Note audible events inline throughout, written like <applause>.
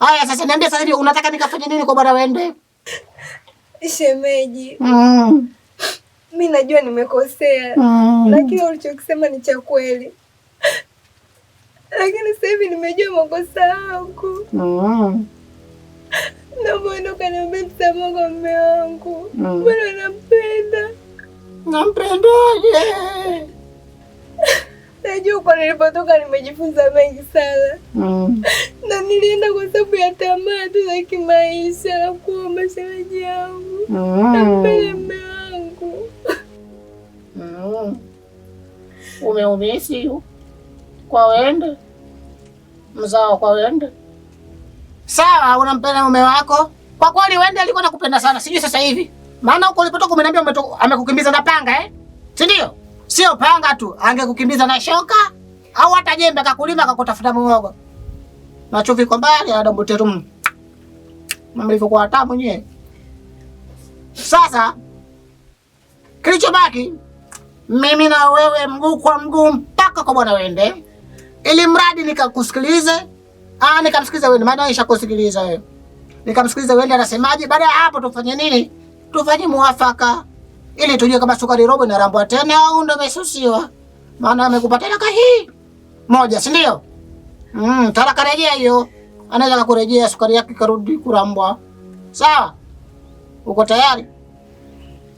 Haya sasa niambie sasa hivi unataka nikafanye nini kwa bwana wende? Shemeji. Mm. Mimi najua nimekosea. Mm. Lakini ulichokisema ni cha kweli. Lakini sasa hivi nimejua makosa yangu. Mm. Naomba ondoka niombe msamaha kwa mume wangu. Mm. Bwana nampenda. Nampendaje? Najua huko nilipotoka nimejifunza mengi sana mm. na nilienda kwa sababu ya tamaa tu za kimaisha na kuwa mashariji yangu mm. na mbele wangu mm. umeumisi kwa wende mzao kwa wende sawa, unampenda mume wako kwa kweli. Wende alikuwa nakupenda sana, sijui sasa hivi, maana huko ulipotoka umeniambia amekukimbiza na panga eh, si ndio? Sio panga tu, angekukimbiza na shoka au hata jembe akakulima akakutafuta mwogo. Na chuvi kwa mbali na dombo tu. Mama ilivyokuwa tamu nyewe. Sasa kilichobaki mimi na wewe mguu kwa mguu mpaka kwa bwana wende, ili mradi nikakusikilize. Ah, nikamsikiliza wewe, maana nishakusikiliza wewe. Nikamsikiliza wewe, anasemaje? Baada ya hapo tufanye nini? Tufanye muafaka ili tujue kama sukari robo inarambwa tena au ndo imesusiwa, maana amekupa talaka hii moja, si ndio? Mm, talaka rejea hiyo, anaweza kakurejea sukari yake karudi kurambwa. Sawa, uko tayari?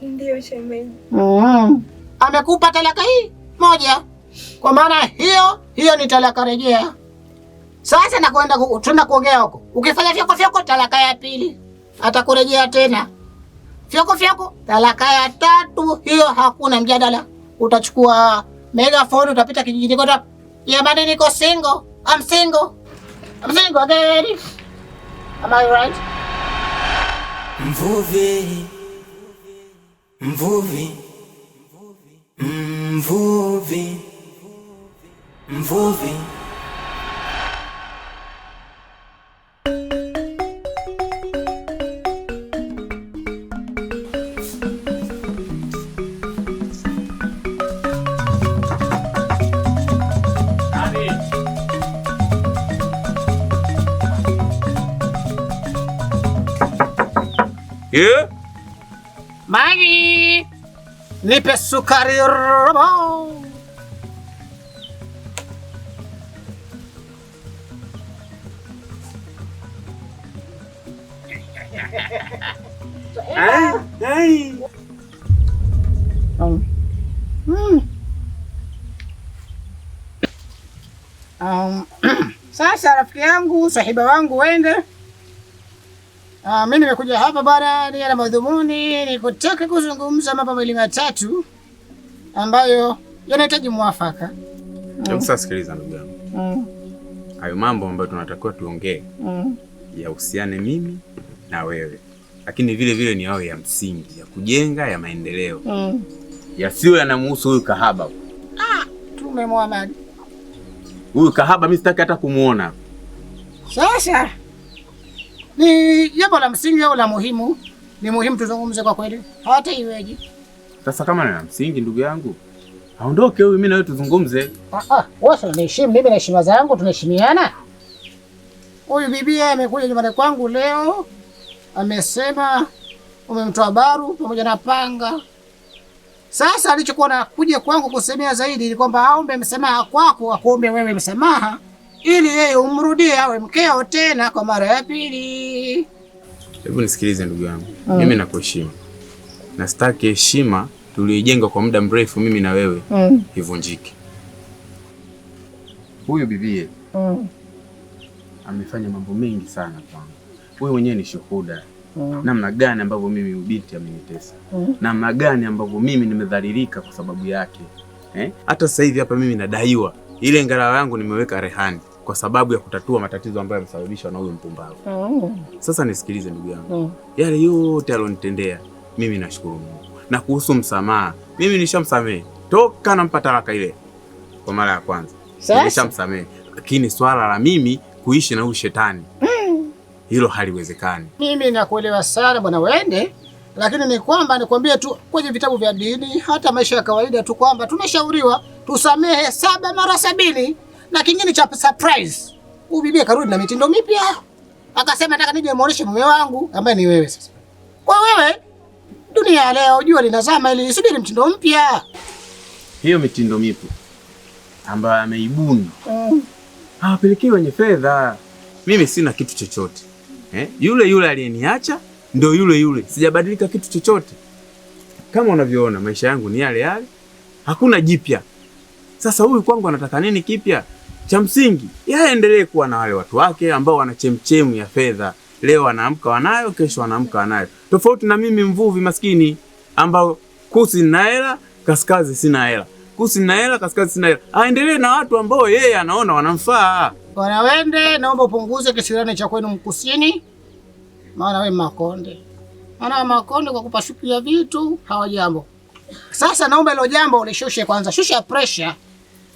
Ndio shemeji. Mm, amekupa talaka hii moja, kwa maana hiyo hiyo ni talaka rejea. Sasa nakwenda tuenda kuongea huko, ukifanya vyako vyako, talaka ya pili atakurejea tena fyoko fyoko, Talaka ya tatu hiyo hakuna mjadala, utachukua megafoni utapita kijijini kota, jamani, niko single, I'm single, I'm single again. Am I right? Mvuvi, Mvuvi, mvuvi, mvuvi, mvuvi. Yeah. Magi. Lipe sukari robo. <laughs> Hai. Hai. Hmm. Um, <clears throat> sasa rafiki yangu, sahiba wangu wende Ah, mimi nimekuja hapa bwana ni na madhumuni ni kutaka kuzungumza mambo mawili matatu ambayo yanahitaji mwafaka. Mm. Sasa sikiliza ndugu yangu. Mm. Hayo mambo ambayo tunatakiwa tuongee. Mm. Yahusiane mimi na wewe. Lakini vile vile ni yao ya msingi ya kujenga ya maendeleo. Mm. Yasiyo yanamhusu huyu kahaba. Ah, tumemwona. Huyu kahaba mimi sitaki hata kumuona. Sasa ni jambo la msingi au la muhimu? Ni muhimu tuzungumze kwa kweli, hata iweje. Sasa kama ni la msingi, ndugu yangu, aondoke huyu, mimi na wewe tuzungumze. Ah, ah, wewe unaniheshimu mimi na heshima zangu, tunaheshimiana. Huyu bibi amekuja nyumbani kwangu leo, amesema umemtoa Baru pamoja na panga. Sasa alichokuwa nakuja kwangu kusemea zaidi ni kwamba aombe msamaha kwako, akuombe wewe msamaha ili yeye umrudie awe mkeo tena kwa mara ya pili. Hebu nisikilize ndugu yangu, mm. mimi nakuheshimu na sitaki heshima tuliyojenga kwa muda mrefu mimi na wewe mm. ivunjike. Huyu bibie mm. amefanya mambo mengi sana kwangu, wewe mwenyewe ni shuhuda mm. namna gani ambavyo mimi ubiti amenitesa mm. namna gani ambavyo mimi nimedhalilika kwa sababu yake eh? hata sasa hivi hapa mimi nadaiwa ile ngalawa yangu nimeweka rehani kwa sababu ya kutatua matatizo ambayo yamesababishwa na huyo mpumbavu. Mm. Sasa nisikilize ndugu yangu. Mm. Yale yote alionitendea mimi nashukuru Mungu. Na kuhusu msamaha, mimi nishamsamehe toka nampa talaka ile kwa mara ya kwanza. Nishamsamehe. Lakini swala la mimi kuishi na huyu shetani mm. hilo haliwezekani. Mimi nakuelewa sana bwana Wende, lakini ni kwamba nikwambie tu kwenye vitabu vya dini, hata maisha ya kawaida tu, kwamba tunashauriwa tusamehe saba mara sabini na kingine cha surprise. Huyu bibi akarudi na mitindo mipya, akasema nataka nije muoneshe mume wangu ambaye ni wewe. Sasa kwa wewe, dunia leo jua linazama, ili subiri mtindo mpya. Hiyo mitindo mipya ambayo ameibuni mm. hawapelekei wenye fedha. Mimi sina kitu chochote eh? Yule yule aliyeniacha ndo yule yule, sijabadilika kitu chochote. Kama unavyoona maisha yangu ni yale yale, hakuna jipya. Sasa huyu kwangu anataka nini kipya? Cha msingi yeye aendelee kuwa na wale watu wake ambao wana chemchemu ya fedha. Leo anaamka wanayo, kesho wanaamka wanayo, tofauti na mimi mvuvi maskini ambao kusi na hela, kaskazi sina hela, kusi na hela, kaskazi sina hela. Aendelee na watu ambao yeye anaona wanamfaa. Bwana Wende, naomba upunguze kisirani cha kwenu mkusini, maana we Makonde, maana Makonde kwa kupashupia vitu hawajambo. Sasa naomba hilo jambo ulishushe kwanza, shusha pressure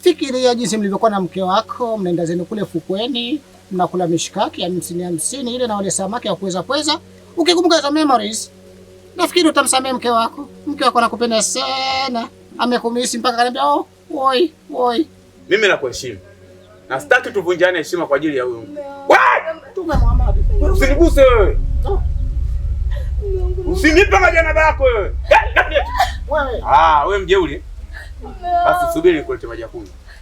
Fikiria jinsi mlivyokuwa na mke wako, mnaenda zenu kule fukweni, mnakula mishikaki ya hamsini hamsini ile na wale samaki ya kuweza kuweza. Ukikumbuka za memories, nafikiri utamsamehe mke wako. Mke wako anakupenda sana, amekumisi mpaka kaniambia oh, woi woi, mimi nakuheshimu na sitaki tuvunjane heshima kwa ajili ya huyu mtu. Usiniguse wewe, usinipe majana yako wewe. Ah, wewe mjeuli, basi subiri nikuletee maji ya kunywa.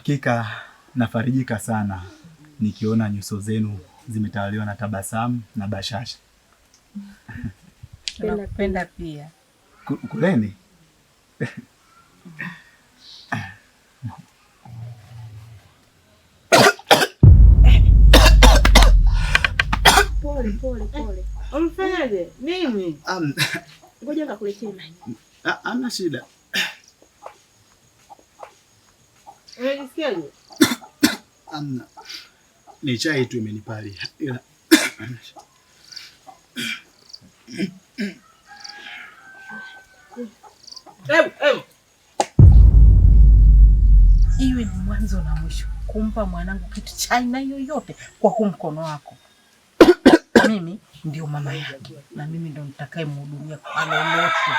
Hakika nafarijika sana nikiona nyuso zenu zimetawaliwa na tabasamu na bashasha. Nakupenda pia. Kuleni. Pole pole pole. Umfanyaje? Mimi. Ngoja nikakuletea maji. Ana shida. Unajisikiaje? Amna. Ni chai tu imenipali. Ila iwe ni mwanzo na mwisho kumpa mwanangu kitu cha aina yoyote kwa huu mkono wako. <coughs> Mimi ndio mama yake na mimi ndo nitakaye mhudumia kwa lolote.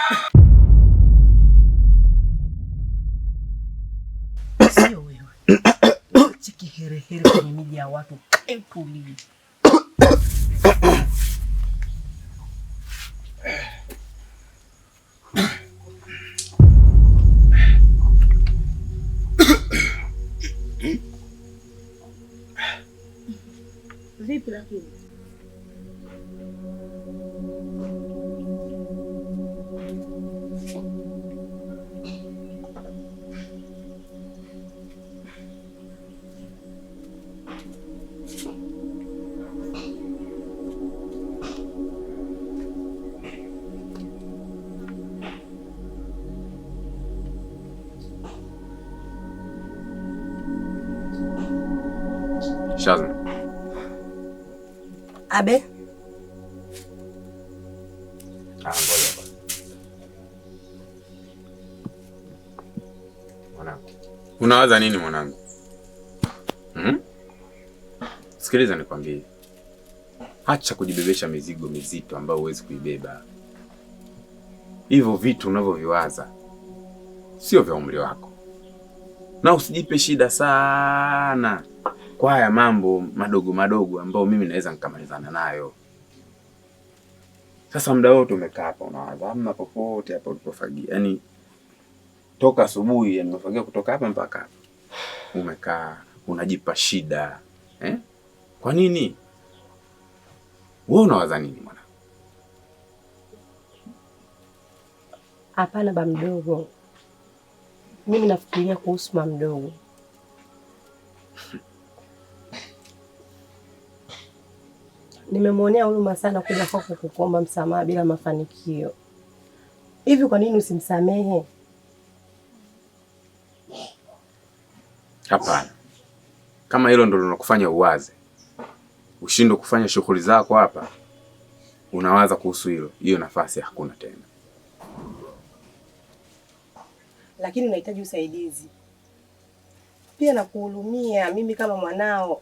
kiherehere kwenye miji ya watu. Kae Vipi lakini? Shazna. Abe. Ah, Unawaza nini mwanangu? Hmm? Sikiliza nikwambie. Acha kujibebesha mizigo mizito ambayo huwezi kuibeba. Hivyo vitu unavyoviwaza sio vya umri wako, na usijipe shida sana kwa haya mambo madogo madogo ambayo mimi naweza nikamalizana nayo. Sasa muda wote umekaa hapa unawaza, hamna popote hapa ulipofagia. Yaani toka asubuhi yani umefagia kutoka hapa mpaka hapa. Umekaa unajipa shida. Eh? Kwa nini? Wewe unawaza nini mwana? Hapana ba mdogo. Mimi nafikiria kuhusu mdogo. <laughs> nimemwonea huruma sana kuja kwako kukuomba msamaha bila mafanikio. Hivi kwa nini usimsamehe? Hapana, kama hilo ndo linakufanya uwaze ushindwe kufanya shughuli zako hapa, unawaza kuhusu hilo, hiyo nafasi hakuna tena. Lakini unahitaji usaidizi pia, nakuhurumia mimi kama mwanao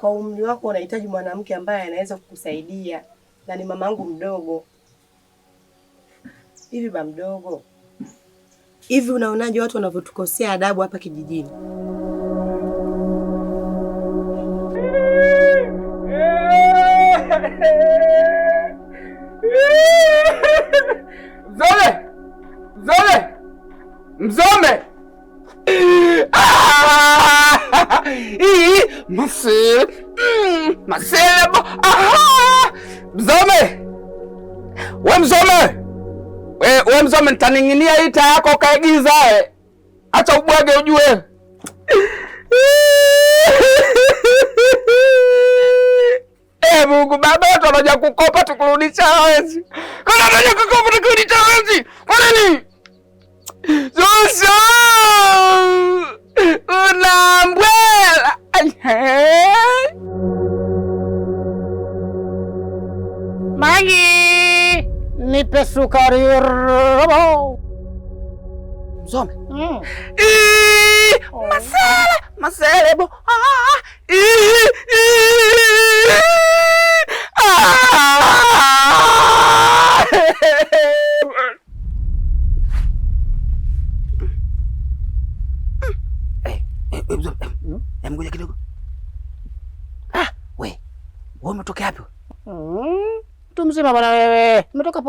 kwa umri wako unahitaji mwanamke ambaye anaweza kukusaidia, na ni mamangu mdogo hivi. Ba mdogo hivi, unaonaje watu wanavyotukosea adabu hapa kijijini? ukaning'inia hii taa yako ukaigiza, eh, acha ubwage ujue. <laughs> Eh, Mungu Baba, watu wanaja kukopa tukurudisha hawezi. Kuna wanaja kukopa tukurudisha hawezi. Kwa nini?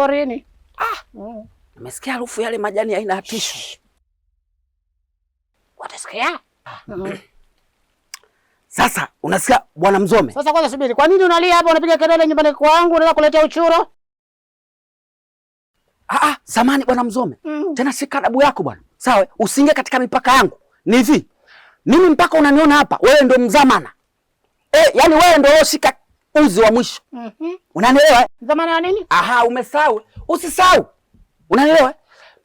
porini. Ah, mm. Amesikia harufu yale majani ya hapisho. Watasikia? Ah. Sasa unasikia bwana Mzome? Sasa kwanza subiri. Kwa nini unalia hapa unapiga kelele nyumbani kwangu unataka kuletea uchuro? Ah ah, samani bwana Mzome. Mm. Tena si kadabu yako bwana. Sawa, usinge katika mipaka yangu. Ni hivi. Mimi mpaka unaniona hapa, wewe ndo mzamana. Eh, yani wewe ndo shika uzi wa mwisho. mm -hmm. Unanielewa? Zamana ya nini? Aha, umesahau. Usisahau, unanielewa?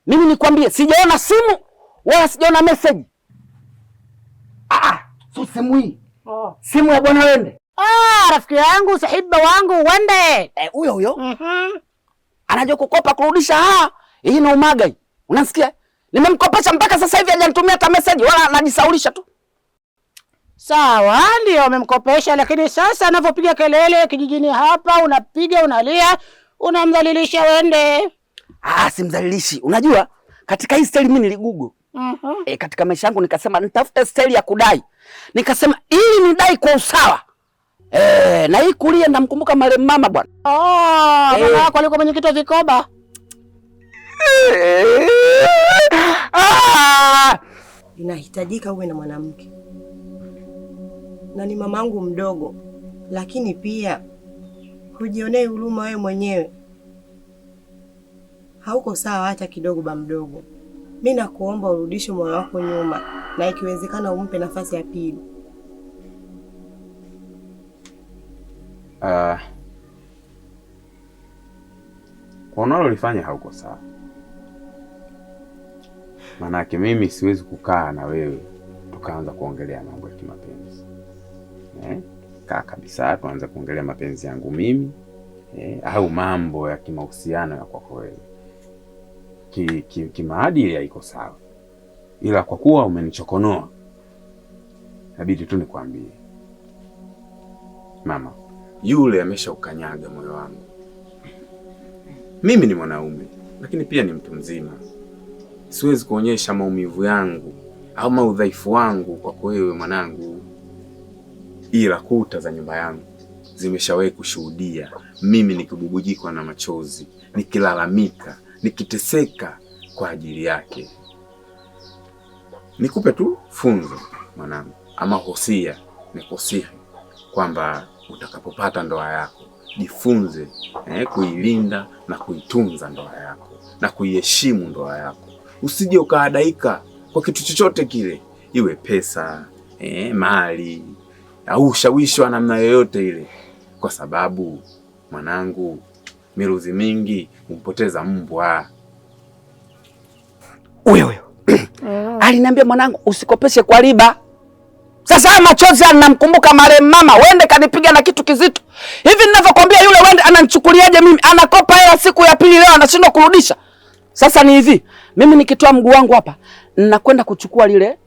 Mimi nikwambie, sijaona simu wala sijaona message. Ah, so simu hii oh. Simu ya bwana Wende. Ah, oh, rafiki yangu sahiba wangu Wende huyo eh, huyo mm -hmm. Anajua kukopa kurudisha. ha. hii ni umaga hii, unasikia? Nimemkopesha mpaka sasa hivi hajanitumia hata message wala anajisaulisha tu Sawa, ndio wamemkopesha, lakini sasa anavyopiga kelele kijijini hapa, unapiga unalia, unamdhalilisha wende. Ah, simdhalilishi. Unajua katika hii staili mimi niligugo mm -hmm. E, eh, katika maisha yangu nikasema nitafute staili ya kudai, nikasema ili nidai kwa usawa e, na hii kulia namkumbuka marehemu mama bwana. Oh, e. Mama wako eh. alikuwa mwenyekiti wa vikoba e. Ah. Inahitajika uwe na mwanamke na ni mamangu mdogo, lakini pia hujionee huruma wewe mwenyewe. Hauko sawa hata kidogo, ba mdogo. Mi nakuomba urudishe moyo wako nyuma, na ikiwezekana umpe nafasi ya pili. Uh, unalolifanya hauko sawa, maanake mimi siwezi kukaa na wewe tukaanza kuongelea mambo ya kimapenzi eh, kaa kabisa tuanze kuongelea mapenzi yangu mimi eh, au mambo ya kimahusiano ya kwako wewe. Ki, ki, kimaadili haiko sawa, ila kwa kuwa umenichokonoa inabidi tu nikwambie mama, yule ameshaukanyaga moyo wangu. Mimi ni mwanaume lakini pia ni mtu mzima, siwezi kuonyesha maumivu yangu au maudhaifu wangu kwako wewe mwanangu ila kuta za nyumba yangu zimeshawahi kushuhudia mimi nikibubujikwa na machozi, nikilalamika, nikiteseka kwa ajili yake. Nikupe tu funzo mwanangu, ama hosia, nikusihi kwamba utakapopata ndoa yako jifunze eh, kuilinda na kuitunza ndoa yako na kuiheshimu ndoa yako. Usije ukaadaika kwa kitu chochote kile, iwe pesa eh, mali au ushawishi wa namna yoyote ile, kwa sababu mwanangu, miruzi mingi humpoteza mbwa. Wewe huyo mm. aliniambia mwanangu, usikopeshe kwa riba. Sasa haya machozi anamkumbuka marehemu mama, wende kanipiga na kitu kizito hivi ninavyokwambia. Yule wende ananichukuliaje mimi? Anakopa hela siku ya pili, leo anashindwa kurudisha. Sasa ni hivi, mimi nikitoa mguu wangu hapa nakwenda kuchukua lile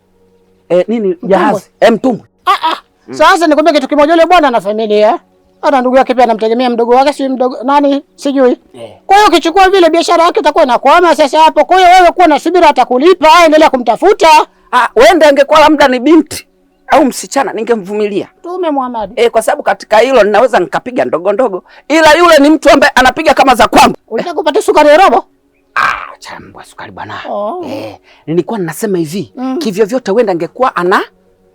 eh, nini jahazi eh, mtumwe ah ah Mm. Sasa nikwambia kitu kimoja, yule bwana ana familia, eh? ana ndugu yake pia anamtegemea, mdogo wake si mdogo nani, sijui. Eh. Kwa hiyo ukichukua vile, biashara yake itakuwa inakwama sasa hapo. Kwa hiyo wewe kuwa na subira, atakulipa, endelea kumtafuta. Ah, wende angekuwa labda ni binti au msichana ningemvumilia tume Muhammad, eh, kwa sababu katika hilo ninaweza nikapiga ndogo ndogo, ila yule ni mtu ambaye anapiga kama za kwangu. Unataka kupata sukari ya robo? Ah, chambwa sukari bwana. Oh. Eh, nilikuwa ninasema hivi mm. Kivyo vyote wenda angekuwa ana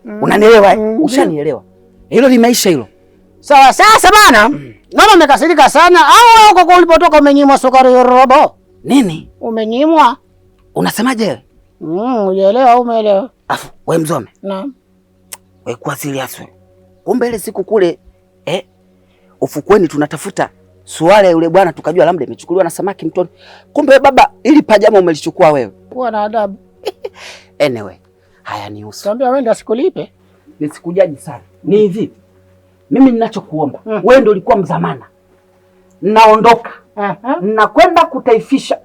Mm. Unanielewa? Eh? Mm. Ushanielewa. Hilo ni maisha hilo. Sawa, sasa bana. Mm. Naona umekasirika sana au wewe uko ulipotoka umenyimwa sukari ya robo? Nini? Umenyimwa? Unasemaje? Mm, unielewa au umeelewa? Afu wewe mzome. Naam. Wewe kwa serious wewe. Kumbe ile siku kule eh ufukweni tunatafuta suala yule bwana tukajua labda imechukuliwa na samaki mtoni. Kumbe baba ili pajama umelichukua wewe. na adabu. <laughs> Anyway hayanihusu. Niambia wewe ni sikulipe. Nisikujaji sana. Ni hivi. Mimi ninachokuomba, mm. wewe ndio ulikuwa mzamana. Naondoka. Uh -huh. Nakwenda kutaifisha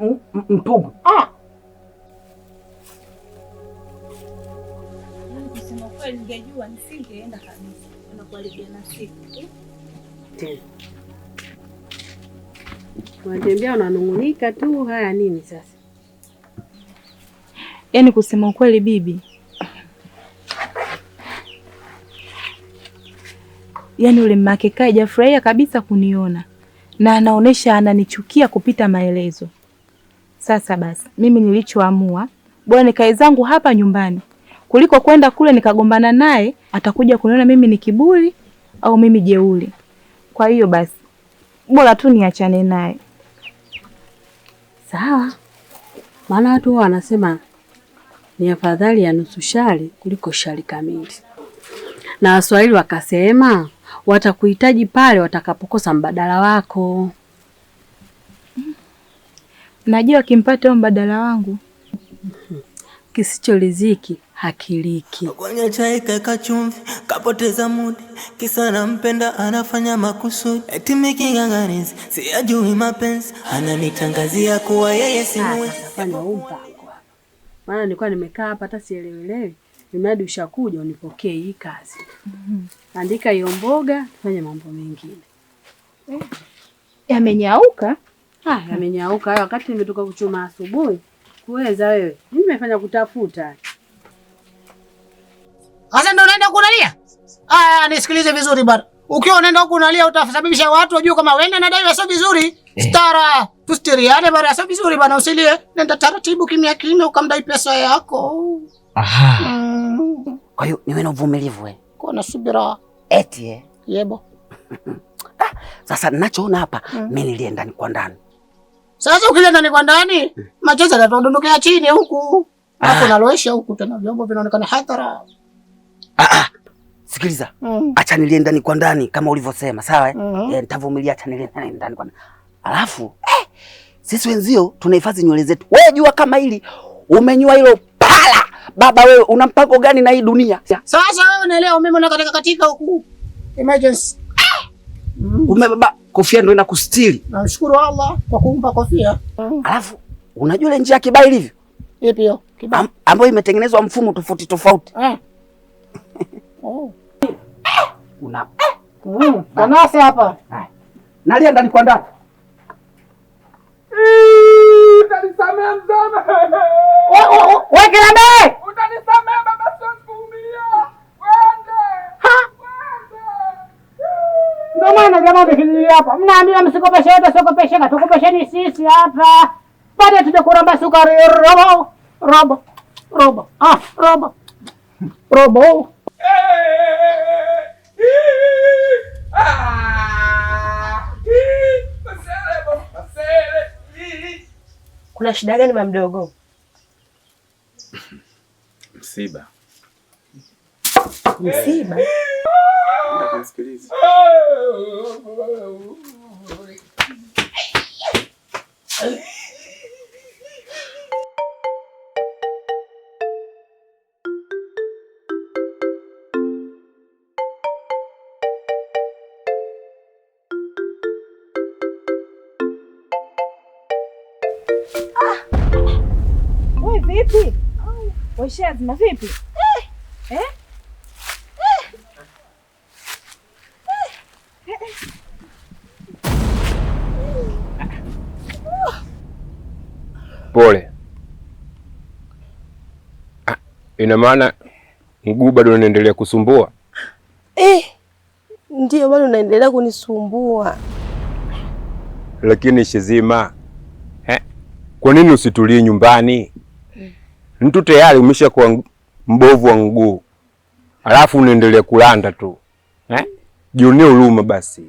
mtubu. Ah. Ningejua unanung'unika tu, haya nini sasa? Yaani kusema ukweli bibi yaani ule mmakekaa hajafurahia kabisa kuniona na anaonesha ananichukia kupita maelezo. Sasa basi, mimi nilichoamua bora nikae zangu hapa nyumbani kuliko kwenda kule nikagombana naye, atakuja kuniona mimi ni kiburi au mimi jeuli. Kwa hiyo basi bora tu niachane naye. Sawa, maana watu wanasema ni afadhali ya nusu shari kuliko shari kamili, na Waswahili wakasema watakuhitaji pale watakapokosa mbadala wako. Najua akimpata huyo mbadala wangu, kisicho riziki hakiliki. Kwenye chai kaeka chumvi, kapoteza mudi, kisa nampenda, anafanya makusudi, eti miking'ang'anizi, si mapenzi, ananitangazia kuwa yeye si ah, mwenzi. Maana nilikuwa nimekaa hapa hata sielewelewi Mradi ushakuja unipokee hii kazi. Mm -hmm. Andika hiyo mboga, tufanye mambo mengine. Eh. Yamenyauka? Ah, yamenyauka. Hayo wakati nimetoka kuchuma asubuhi. Kuweza wewe. Mimi nimefanya kutafuta. Sasa ndio unaenda kunalia? Ah, nisikilize vizuri bwana. Ukiwa unaenda huko unalia utasababisha watu wajue kama wewe na dai sio vizuri. Eh. Stara, tustiriane bwana, sio vizuri bwana, usilie. Nenda taratibu kimya kimya ukamdai pesa yako. Aha. Mm. Kwa hiyo niwe na uvumilivu eh. Kwa na subira. Eti eh. Yebo. <laughs> Ah, sasa ninachoona hapa mm. Mimi nilienda ni kwa ndani. Sasa ukile ndani kwa ndani mm. Machozi yanatondokea chini huku. Ah. Hapo naloesha huku tena vyombo vinaonekana hadhara. Ah ah. Sikiliza. Mm. Acha nilienda ni kwa ndani kama ulivyosema, sawa eh? Mm -hmm. Eh, nitavumilia acha nilienda ni ndani kwa ndani. Alafu eh, sisi wenzio tunahifadhi nywele zetu. Wewe jua kama hili umenyua hilo pala. Baba wewe una mpango gani na hii dunia? Sasa wewe unaelewa umeme unakatika katika huku. Emergency. Hmm. baba kofia ndio inakustiri. Namshukuru Allah kwa kumpa kofia. Alafu unajua ile njia ya kibali ilivyo? Ipi hiyo? Kibali. Ambayo imetengenezwa mfumo tofauti tofauti. Eh. <laughs> Oh. Una. Mm. Kanasi hapa. Nalia ndani kwa ndani. Eh. Utanisamea mzama. Wewe kilambe. Utanisamea baba siwezi kuumia. Ndio maana jamaa mekili hapa. Mnaambia msikopeshe yote sikopeshe na tukopesheni sisi hapa. Baada tuje kuramba sukari robo robo robo. Ah, robo. Robo. Eh. eh, eh, eh ah. kuna shida gani mama mdogo? Msiba. Msiba? Weshazima vipi? Eh? Eh? Eh, Pole. Ah, ina maana mguu bado unaendelea kusumbua? Eh. ndio bado unaendelea kunisumbua. Lakini shizima eh? Kwa nini usitulie nyumbani? mtu tayari umeshakuwa mbovu wa mguu, alafu unaendelea kulanda tu eh? Jionee huruma basi.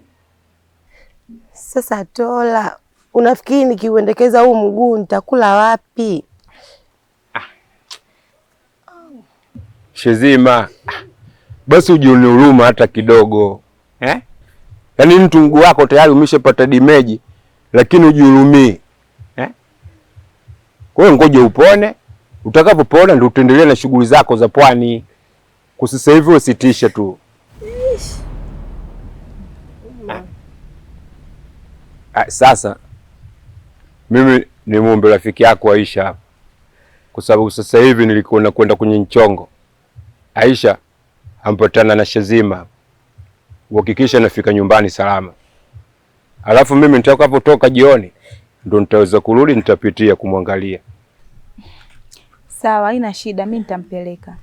Sasa Tola, unafikiri nikiuendekeza huu mguu nitakula wapi? Ah. Shezima, ah. Basi ujionee huruma hata kidogo eh? Yaani mtu mguu wako tayari umeshapata dimeji, lakini ujihurumii eh? Kwa hiyo ngoja upone Utakapopona ndio utaendelea na shughuli zako za pwani. Kwa sasa hivi usitishe tu. Ah. ah, sasa mimi ni muombe rafiki yako Aisha hapa, kwa sababu sasa hivi nilikuwa nakwenda kwenye nchongo Aisha ampatana na Shazima, uhakikisha nafika nyumbani salama. Alafu mimi nitakapotoka jioni ndo nitaweza kurudi, nitapitia kumwangalia. Sawa, haina shida, mi nitampeleka.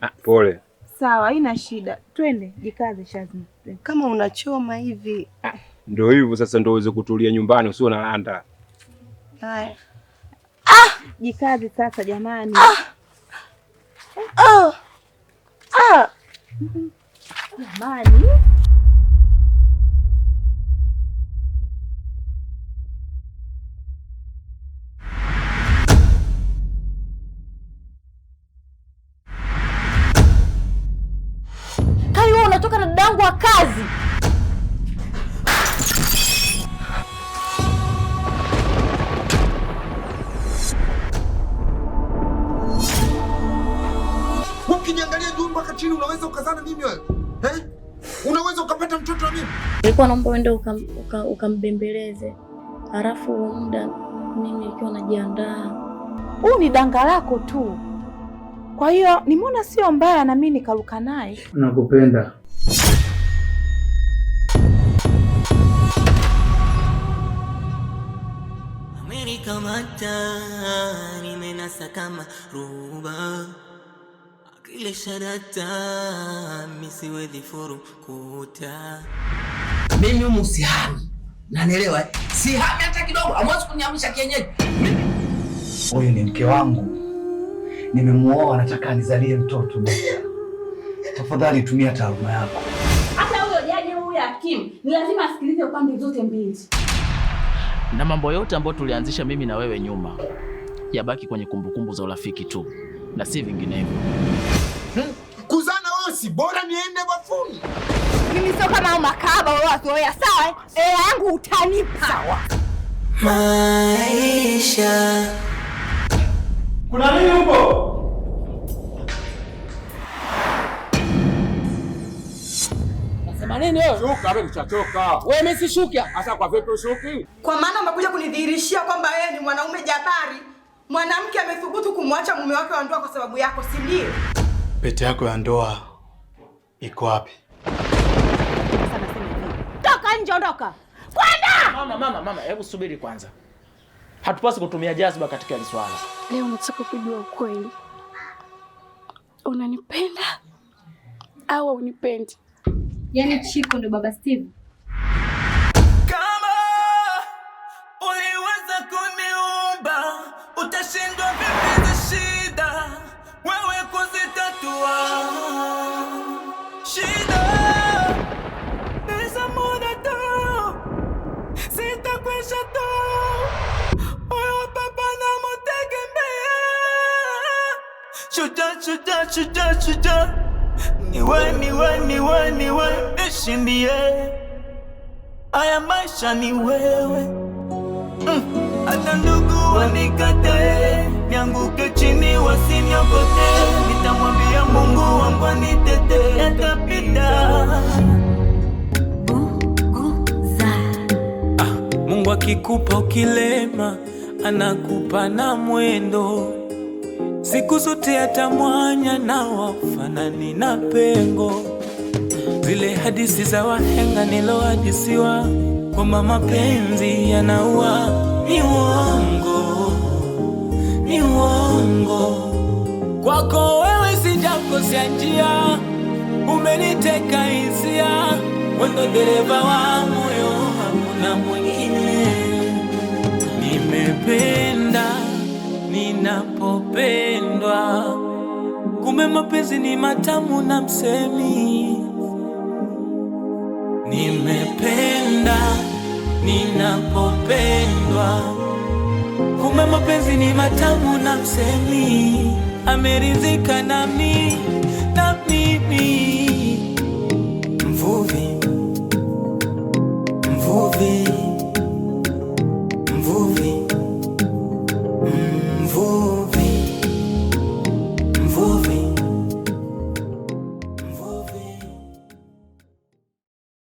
Ah, pole. Sawa, haina shida, twende. Jikaze Shazna, kama unachoma hivi. Ah, ndio hivyo sasa, ndio uweze kutulia nyumbani, usio na landa. Haya, ah, jikaze sasa jamani. Eh. Jamani. nilikuwa naomba uende ukambembeleze uka, uka halafu muda mimi ikiwa najiandaa. Huu ni danga lako tu, kwa hiyo nimeona sio mbaya na mimi nikaruka naye. Nakupenda. Kamata nimenasa kama ruba akile sharata misiwezi furu kuta mimi humu sihami. Nanielewa eh? Sihami hata kidogo. Hamwezi kuniamsha kienyeji. Huyu ni mke wangu. Nimemuoa, nataka nizalie mtoto. Tafadhali tumia taaluma yako. Hata huyo jaji huyo hakimu ni lazima asikilize upande zote mbili. Na mambo yote ambayo tulianzisha mimi na wewe nyuma yabaki kwenye kumbukumbu za urafiki tu na si vinginevyo. Hmm. Kuzana si bora niende wafuni. Mimi sio kama au makaba wewe wawazoea. Sawa, hela eh? yangu utanipa. Sawa. Maisha. Kuna nini huko? nini wewe? Shuka wewe mchachoka. Wewe mimi si shuka. Sasa kwa vipi ushuki? Kwa maana umekuja kunidhihirishia kwamba wewe ni mwanaume jabari. Mwanamke amethubutu kumwacha mume wake wa ndoa kwa sababu yako, si ndio? Pete yako ya ndoa iko wapi? nje, ondoka kwenda. Mama, mama, mama, hebu subiri kwanza, hatupasi kutumia jazba katika hili swala. Leo nataka kujua ukweli, unanipenda au unipendi? Yani Chiko ndo baba Steve? uliweza kuniumba, utashindwa vipi shida wewe kuzitatua? Şuradan şuradan şuradan şuradan Niwe niwe niwe niwe Eşin Aya maisha ni wewe Hata mm. ndugu wanikatae Nianguke chini wasiniokote Nitamwambia Mungu wangu anitete Yatapita ah, Mungu akikupa ukilema Anakupa na mwendo siku zote atamwanya na wafanani na pengo, zile hadisi za wahenga nilohadisiwa kwamba mapenzi yanaua, ni uongo, ni uongo. Kwako wewe sijakosea njia, umeniteka hisia, wendo dereva wa moyo, hamuna mwingine, nimependa ninapopendwa, kumbe mapenzi ni matamu na msemi. Nimependa ninapopendwa, kumbe mapenzi ni matamu na msemi, ameridhika nami na